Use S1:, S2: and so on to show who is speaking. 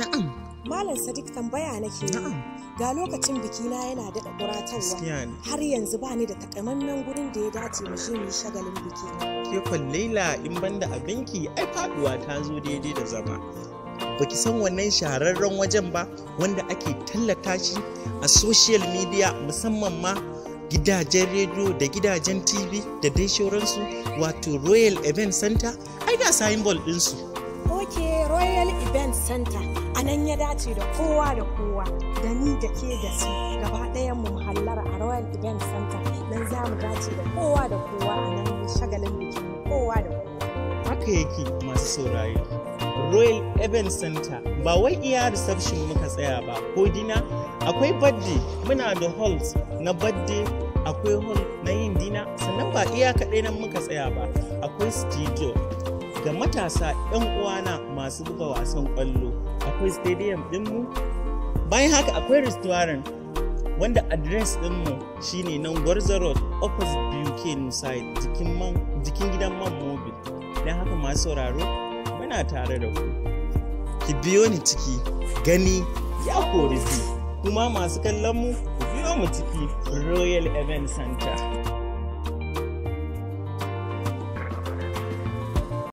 S1: Na'am. Malam Sadiq tambaya nake. Na'am. Ga lokacin bikina yana daɗa ƙuratarwa. Har yanzu ba ni da takamaiman gurin da ya dace mu shi mu shagalin
S2: biki. Ke kwallaila in banda abinki ai faduwa ta zo daidai da zama. ba ki san wannan shahararren wajen ba wanda ake tallata shi a social media musamman ma gidajen rediyo da gidajen tv da dai shauransu wato royal event center ai ga signboard su.
S1: royal event center a nan ya dace da kowa da kowa da ni da ke da su gaba ɗayan mu muhallara a royal event center nan za mu dace da kowa da kowa a nan shagalin bikin kowa da kowa
S2: haka yake masu saurayi. royal event center ba wai iya reception muka tsaya ba ko dina akwai birthday muna da halls na birthday akwai hall na yin dina sannan ba iya kaɗai nan muka tsaya ba akwai studio da matasa 'yan uwana masu buga wasan kwallo akwai stadium ɗinmu bayan haka akwai restaurant wanda adres ɗinmu shine nan gwarza road opposite buk jikin gidan man mobil don haka masu sauraro muna tare da ku ki biyo
S3: ni ciki gani
S2: ya kori kuma masu kallon mu ku biyo
S3: mu ciki royal event center